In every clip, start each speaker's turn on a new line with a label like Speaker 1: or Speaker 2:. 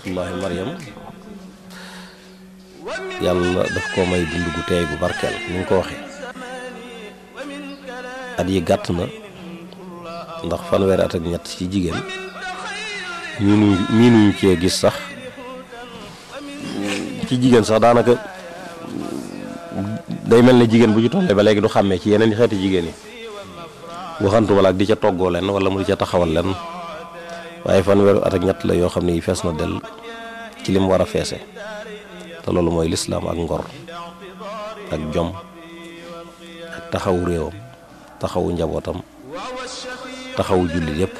Speaker 1: Rahmatullahi Mariam yàlla daf ko may dund gu teey gu barkeel ni nga ko waxe at yi gàtt na ndax fanweeri at ak ñett ci jigéen miinu miinuñu cee gis sax ci jigéen sax daanaka day mel ne jigéen bu ju tollee ba léegi du xàmmee ci yeneen xeeti jigéen yi waxantuma la ak di ca toggoo leen wala mu di ca taxawal leen waaye fanweeru at ak ñett la yoo xam ne yi fees na del ci lim war a feese te loolu mooy lislaam ak ngor ak jom ak taxawu réewam taxawu njabootam taxawu jullit yépp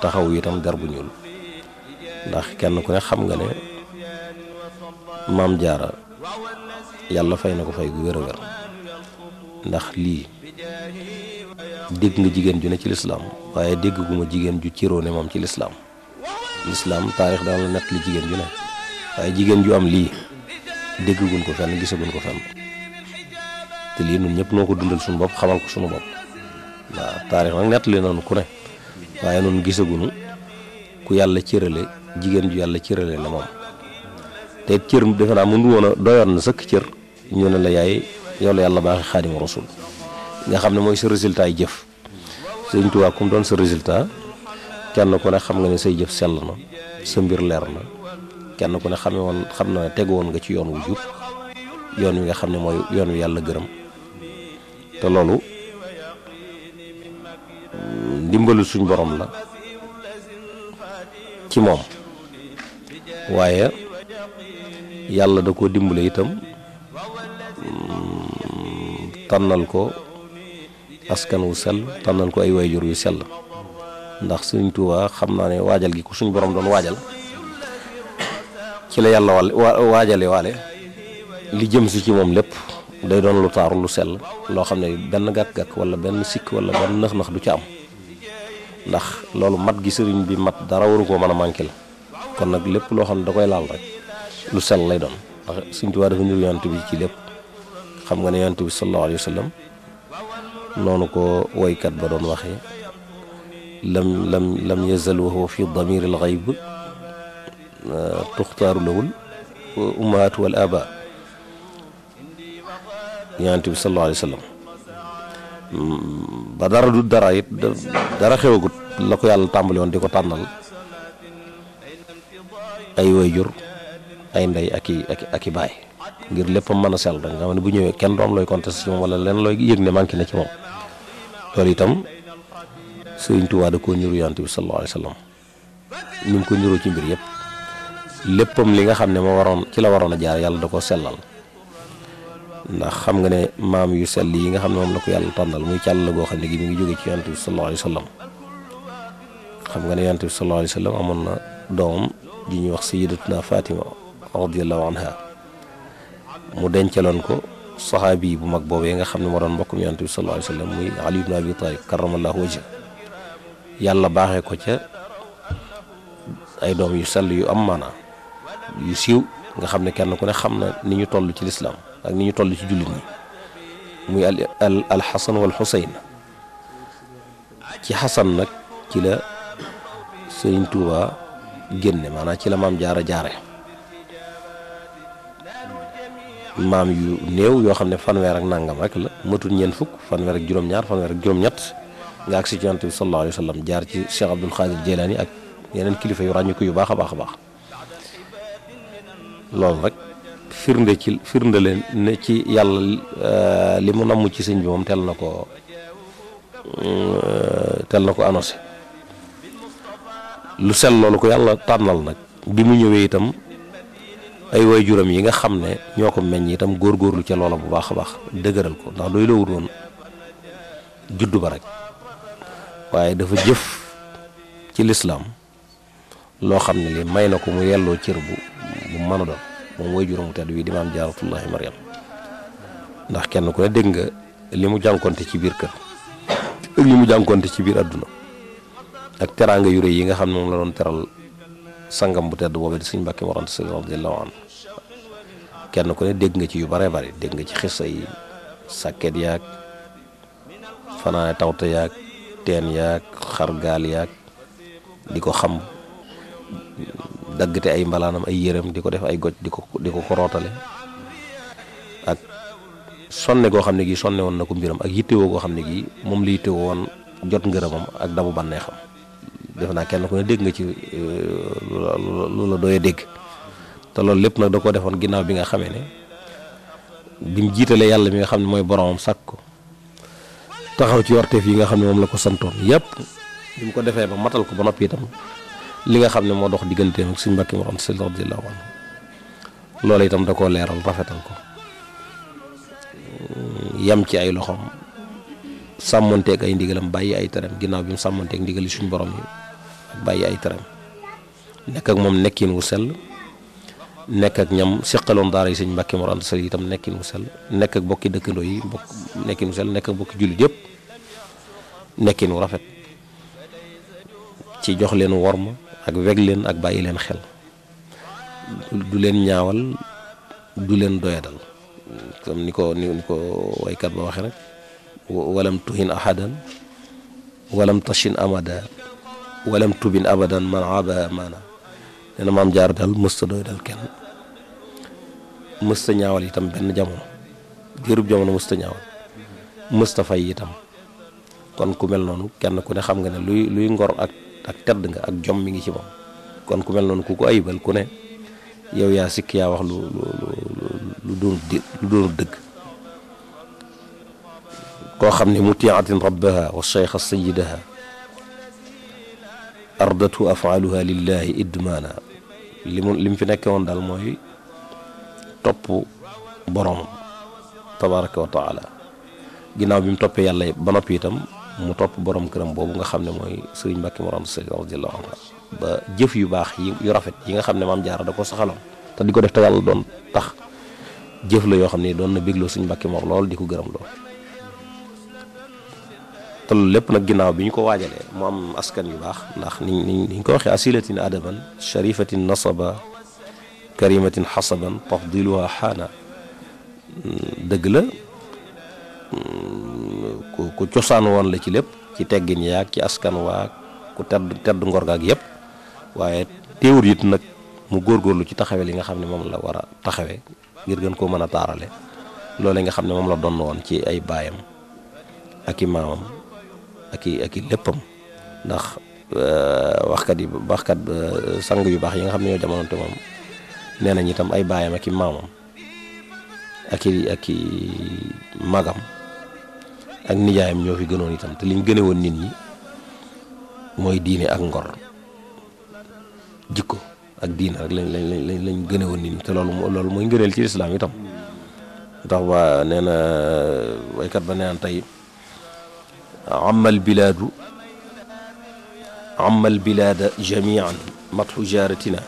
Speaker 1: taxawu itam der bu ñuul ndax kenn ku ne xam nga ne maam jaara yàlla fay na ko fay gu wér a wér ndax lii dégg nga jigéen ju ne ci lislaam waaye dégg gu jigéen ju ciroo ne moom ci lislaam lislaam taarix daan la nett li jigéen ju ne waaye jigéen ju am lii dégg déggaguñ ko fenn gisaguñ ko fenn te lii ñun ñëpp noo ko dundal suñu bopp xamal ko suñu bopp waaw taarix nag nett li noonu ku ne waaye noonu gisaguñu ku yàlla cërale jigéen ju yàlla cërale la moom te cër defe naa mënu woon a na sëkk cër ñu ne la yaay yow la yàlla baaxee xaadima rasul nga xam ne mooy sa résultat yi jëf sëñ Tuubaa ku mu doon sa résultat kenn ku ne xam nga ne say jëf sell na sa mbir leer na kenn ku ne xam ne xam na tegu nga ci yoon wu jub yoon wi nga xam ne mooy yoon wi yàlla gërëm te loolu ndimbalu suñ borom la ci moom waaye yàlla da ko dimbale itam mm, tànnal ko askan wu sell tànnal ko ay wayjur yu sell ndax Sëriñ Tuubaa xam naa ne waajal gi ko suñu borom doon waajal ci la yàlla waa waajale waale li jëm si ci moom lépp day doon lu taaru lu sell loo xam ne benn gàkk-gàkk wala benn sikk wala benn nax-nax du ci am ndax loolu mat gi sëriñ bi mat dara waru koo mën a manqué la kon nag lépp loo xam ne da koy laal rek lu sell lay doon ndax Sëriñ Tuubaa dafa niru yonent bi ci lépp xam nga ne yonent bi sallallahu alayhi noonu ko woykat ba doon waxee lam lam lam yazal wa huwa fi damir al xayb euh, tuxtaaru lawul ummahaatu wal aba bi sallallahu alayhi wa sallam mm, ba dara du dara it dara xewagut la ko yàlla tàmbali woon di ko tànnal ay waajur ay ndey baay ngir lépp mën a sell rek nga xam ne bu ñëwee kenn du am looy contesté ci moom wala leen looy yëg ne manqué na ci moom loolu itam Sëriñ Tuubaa da koo niru yonent bi sallallahu alayhi wa sallam ni ko niroo ci mbir yëpp léppam li nga xam ne moo waroon ci la waroon a jaar yàlla da koo sellal ndax xam nga ne maam yu sell yi nga xam ne moom la ko yàlla tàndal muy càll la goo xam ne gi mi ngi jóge ci yonent bi sallallahu alayhi wa xam nga ne yonent bi sallallahu alayhi wa sallam amoon na doomam ji ñuy wax sayyidatuna Fatima radiyallahu anha mu dencaloon ko saxaabi bu mag boobee nga xam ne moo doon mbokkum yonent bi sallallahu alayhi wa sallam muy ali ibn abi talib karamallahu wajha yàlla baaxe ko ca ay doom yu sell yu am maanaa yu siiw nga xam ne kenn ku ne xam na ni ñu toll ci lislaam ak ni ñu toll ci jullit ñi muy al al alxasan wal xusayn ci xasan nag ci la sëriñ tuuba génne maanaam ci la maam jaara jaare maam yu néew yoo xam ne fanweer ak nangam rek la matul ñeent fukk fanweer ak juróom-ñaar fanweer ak juróom-ñett nga agsi ci yonent bi sallallahu alayhi jaar ci Cheikh Abdul Xaadir Jeylaani ak yeneen kilifa yu ràññiku yu baax a baax a baax loolu rek firnde ci firnde leen ne ci yàlla euh, li mu namm ci sëñ bi moom teel na ko euh, teel na ko annoncé lu sell loolu ko yàlla tànnal nag bi mu ñëwee itam. ay way waajuram yi nga xam ne ñoo ko meññ itam góorlu ca loola bu baax a baax dëgëral ko ndax doy loowut woon juddu ba rek waaye dafa jëf ci lislaam loo xam ne li may na ko mu yelloo cër bu bu mën a doon moom waajuramu tedd wi di maam jaaratullahi mariam ndax kenn ku ne dégg nga li mu jànkoonte ci biir kër ak li mu jànkonte ci biir àdduna ak teraanga yure yi nga xam ne moom la doon teral sangam bu tedd boobee di sëñ Mbàkke Mor Anta Sali radiyallahu anhu kenn ku ne dégg nga ci yu bare bare dégg nga ci xissa yi sàkket yaag fanaane tawta yaag teen yaag xargaal yaag di ko xam daggte ay mbalaanam ay yërëm di ko def ay goj di ko ko korootale ak sonne goo xam ne gii sonne woon na ko mbiram ak yittewoo goo xam ne gii moom la yittewoo woon jot ngërëmam ak damu bànneexam def naa kenn ko ne dégg nga ci euh, lu la doy a dégg te loolu lépp nag da koo defoon ginnaaw bi nga xamee ne bi mu jiitalee yàlla mi nga xam ne mooy boromam sàkk ko taxaw ci warteef yi nga xam ne moom la ko santoon yëpp bi ko defee ba matal ko ba noppi itam li nga xam ne moo dox digganteem ak suñu mbokki Muhammad sallallahu alayhi wa sallam loolu itam da koo leeral rafetal ko yam ci ay loxoom sàmmonteeg ay ndigalam bàyyi ay teram ginnaaw bi mu sàmmonteeg ndigali suñu borom bàyyi ay tëram nekk ak moom nekkin wu sell nekk ak ñam seqaloon daara yi sëñ Mbàkke Mor Anta Sali tam nekkin wu sell nekk ak bokki dëkkandoo yi bokk nekkin wu sell nekk ak bokki jullit yëpp nekkin wu rafet ci jox leen worma ak weg leen ak bàyyi leen xel du leen ñaawal du leen doyadal comme ni ko ni ko waykat ba waxee rek walam tuhin ahadan walam tashin amada walam tubin abadan man aba maana nee na maam jaar daal mësta doy dal kenn mësta ñaawal itam benn jamono diirub jamono mësta ñaawal mësta fay itam kon ku mel noonu kenn ku ne xam nga ne luy luy ngor ak ak nga ak jom mi ngi ci kon ku mel noonu ku ko ayibal ku ne yow yaa sikk yaa wax lu lu lu lu doon dëgg koo xam ne mutiatin rabbaha wa cheikha sayidaha ardatu afaaluha lillahi idmaana li mu li mu fi nekkee woon daal mooy topp boroomam tabaraka wa taala ginnaaw bi mu toppee yàlla ba noppi itam mu topp borom këram boobu nga xam ne mooy sëriñ Mbàkke Mor Anta Sali radiyallahu ba jëf yu baax yi yu rafet yi nga xam ne maam jaara da ko saxaloon te di ko def te doon tax jëf la yoo xam ne doon na bégloo suñu Mbàkke Mor lool di ko gërëm lool te lépp nag ginnaaw bi ñu ko waajale mu am askan yu baax ndax ni niñ niñ niñ ko waxee asilatin adaban sharifatin nasaba karimatin xasaban tafdiluha xaana dëgg la ku cosaan woon la ci lépp ci teggin yaag ci askan waag ku tedd tedd ngor gaag yëpp waaye teewul it nag mu góor góorgóorlu ci taxawe li nga xam ne moom la war a taxawe ngir gën koo mën a taarale loolu yi nga xam ne moom la doon woon ci ay baayam ak i maamam ak i ak i léppam ndax euh, waxkat yi ba euh, sang yu baax yi nga xam ne ñoo jamononte moom nee nañ itam ay baayam ak i maamam ak i ak i magam ak nijaayam ñoo fi gënoon itam te liñ gëne woon nit ñi mooy diine ak ngor jikko ak diine rek lañ lañ lañ lañ gëne woon nit ñi te loolu loolu mooy ngëneel ci lislaam itam tax ba nee na waykat ba nee tey amma albilaadu amma albilaada jamian matxu jaaratina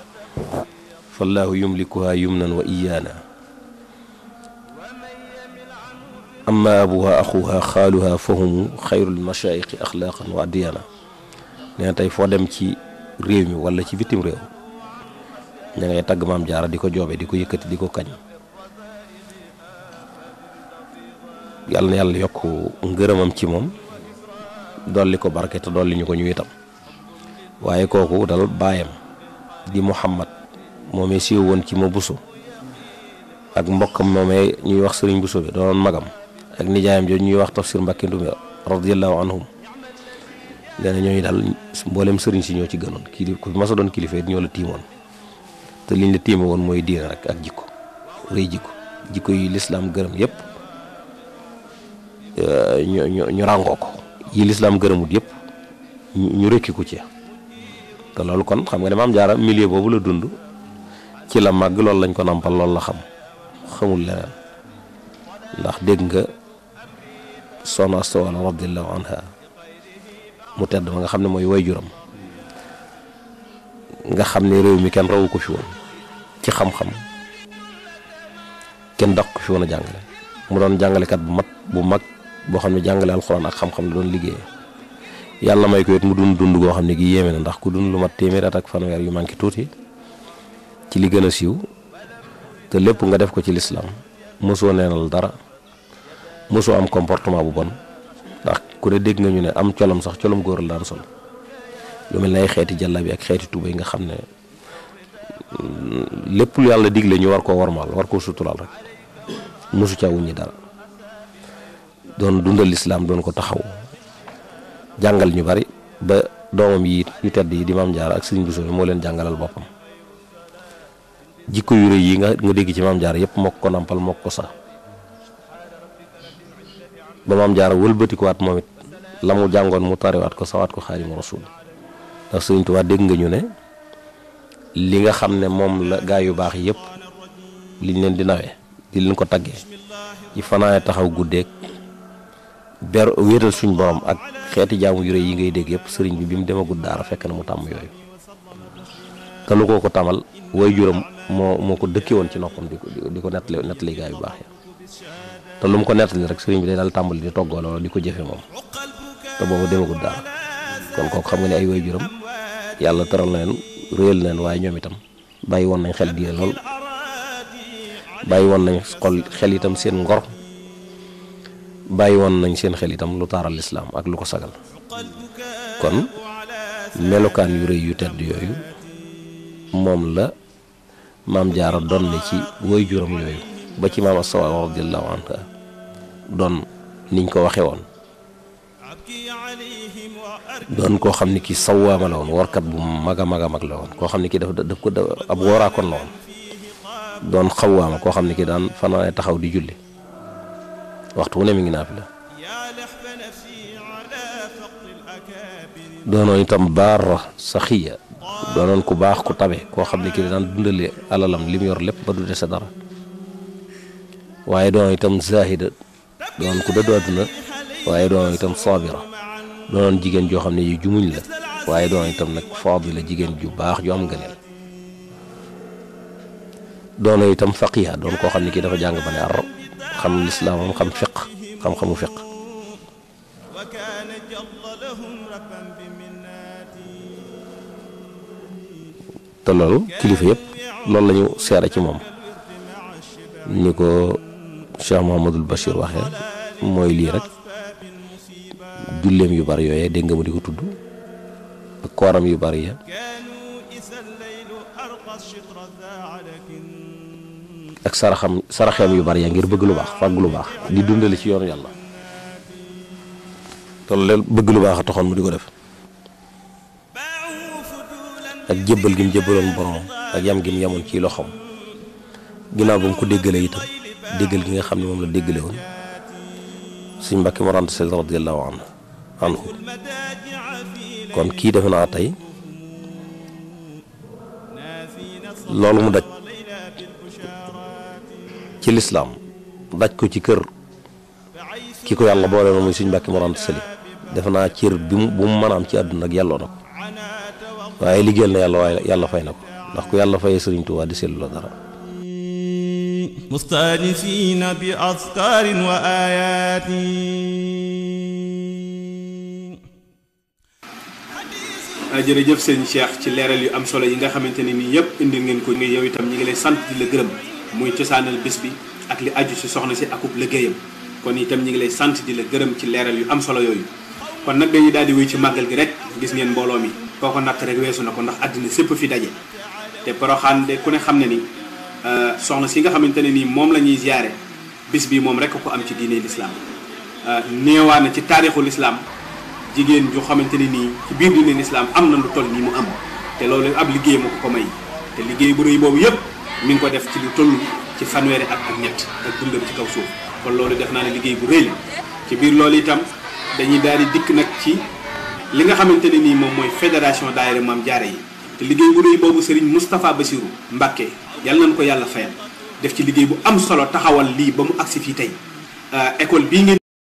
Speaker 1: fallaahu yumlikuha yumnan wa iyaana amma abuha axuha xaaluha fahumu xayrul mashaayixi axlaaqan wa addiyaana nee tey foo dem ci réew mi wala ci bitim réew ña ngay tagg maam jaara di ko joobe di ko yëkkati di ko kañ yàlla na yokk ngërëmam ci moom dolli ko barke te dolli ñu ko ñu itam waaye kooku dal baayam di Muhammad moomee siiw woon ci ma buso ak mbokkam moomee ñuy wax sëriñ buso bi doonoon magam ak nijaayam jooju ñuy wax tafsir mbàkke ndumbe radiallahu anhum nee na ñooñu daal mboolem sëriñ si ñoo ci gënoon kii ku doon kilifa ñoo la tiimoon te liñ la tiime woon mooy diine rek ak jikko rëy jikko jikko yi lislaam gërëm yépp eh, ñu ñu ràngoo ko yi lislaam gërëmut yépp ñu rekki ku ci te loolu kon xam nga ne maam jaara milieu boobu la dund ci la màgg lool lañ ko nàmpal loolu la xam xamul leneen ndax dégg nga soxna Asta Walo radiyallahu anha mu tedd ma nga xam ne mooy juróom nga xam ni réew mi kenn rawu ko fi woon ci xam-xam kenn daq ko fi woon a jàngale mu doon jàngalekat bu mat bu mag boo xam ne jàngale alxuraan ak xam-xam la doon liggéey yàlla may ko mu dund dund goo xam ne gi yéeme na ndax ku dund lu mat téeméer at ak fanweer yu manqué tuuti ci li gën a siiw te lépp nga def ko ci lislaam mosoo neenal dara mosoo am comportement bu bon ndax ku ne dégg nga ñu ne am colom sax colom góor la daan sol lu mel ne ay xeeti jalla bi ak xeeti tuba yi nga xam ne mm, lépp yàlla digle ñu war koo warmaal war koo suturaal rek mosu ca wuñ ñi dara doon dundal lislaam doon ko taxaw jàngal ñu bari ba doomam yi yu tedd yi di maam Jaara ak sëriñ Bousso moo leen jàngalal boppam jikko yu rëy yi nga nga dégg ci maam Jaara yëpp mokk ko nampal mokk ko sax ba maam Jaara wëlbatikuwaat moom la mu jàngoon mu tariwaat ko sawaat ko Xaadimu Rasuul ndax Sëriñ Tuubaa dégg nga ñu ne li nga xam ne moom la gaa yu baax yëpp liñ leen di nawee di leen ko taggee ci fanaane taxaw guddeeg ber wéetal suñ borom ak xeeti jaamu yu yi ngay dégg yëpp sëriñ bi bi mu demagul daara fekk na mu tàmm yooyu te lu koo ko tamal way juram moo moo ko dëkkee woon ci noppam di ko di ko nettali nettali gaay yu baax ya te lu mu ko nettali rek sëriñ bi day daal tàmbali di toggoo loolu di ko jëfe moom te boobu demagul daara kon kooku xam nga ne ay way juram yàlla tëral na leen réel na leen waaye ñoom itam bàyyi woon nañ xel diine lool bàyyi woon nañ xel itam seen ngor bàyyi woon nañ seen xel itam lu taaral lislaam ak lu ko sagal kon melokaan yu rëy yu tedd yooyu moom la maam jaara doon ne ci woy juróom yooyu ba ci maam asawa radiallahu anha doon niñ ko waxee woon doon koo xam ne ki sawaama la woon warkat bu mag a mag a mag la woon koo xam ne ki daf daf ko ab wooraakoon la woon doon xawaama koo xam ne ki daan fanaane taxaw di julli waxtu wu ne mi ngi naafila doonoon itam baara saxiya doonoon ku baax ku tabe koo xam ne kii daan dundale alalam li mu yor lépp ba du dese dara waaye doonoon itam zahida doonoon jigéen joo xam ne yu la waaye doonoon itam nag faadila jigéen ju baax ju am ngëneel doonoon itam faqiha doon koo xam ne kii dafa jàng ba ne arab xam lislaamam xam fiq xam-xamu fiq te loolu kilifa yëpp loolu la ñu seere ci moom ni ko Cheikh Mouhamadul Bachir waxee mooy lii rek julleem yu bari yooyee dégg nga di ko tudd ak kooram yu bari ya ak saraxam saraxeem yu bari yaa ngir bëgg lu baax fàgg lu baax di dundale ci yoonu yàlla loolu lépp bëgg lu baax a taxoon mu di ko def ak gi mu jébbaloon borom ci loxoom ginnaaw ko déggalee gi nga xam ne moom la déggale woon suñ mbàkki morant seen radiallahu defe naa tey loolu mu daj ci lislaam daj ko ci kër ki ko yàlla boole na muy suñ mbàkki Mor Anta def naa cër bi bu mu mën ci àdduna ak yàlloo na ko waaye liggéeyal na yàlla waaye yàlla fay na ko ndax ku yàlla fayee sëriñ Tuubaa di seetlu la dara mustaanisiina bi azkaarin wa aayaatin ah, jërëjëf sëñ Cheikh ci leeral yu am solo yi nga xamante ne nii yëpp indil ngeen ko yow itam ñi ngi lay sant di la gërëm muy cosaanal bis bi ak li aju ci soxna si akub liggéeyam kon itam ñu ngi lay sant di la gërëm ci leeral yu am solo yooyu kon nag dañuy daal di wuy ci màggal gi rek gis ngeen mbooloo mi koo ko natt rek weesu na ko ndax àddina sépp fi daje te poroxaan de ku ne xam ne ni euh, soxna si nga xamante ne nii moom la ñuy ziyaare bis bii moom rek ko am ci diine lislaam euh, néewaa na ci taarixu lislaam jigéen ju xamante ne nii ci biir diine lislaam am na lu toll nii mu am te loolu ab liggéey ma ko ko may te liggéey bu rëy boobu yëpp mi ngi ko def ci lu toll ci fanweeri at ak ñett ak dundam ci kaw suuf kon loolu def naa ne liggéey bu rëy la ci biir loolu itam dañuy daal di dikk nag ci li nga xamante ne nii moom mooy fédération daayira Maam Jaara yi te liggéey bu rëy boobu Serigne Moustapha Bassirou Mbacké yal nañu ko yàlla fayal def ci liggéey bu am solo taxawal lii ba mu agsi fii tey euh, école bii ngeen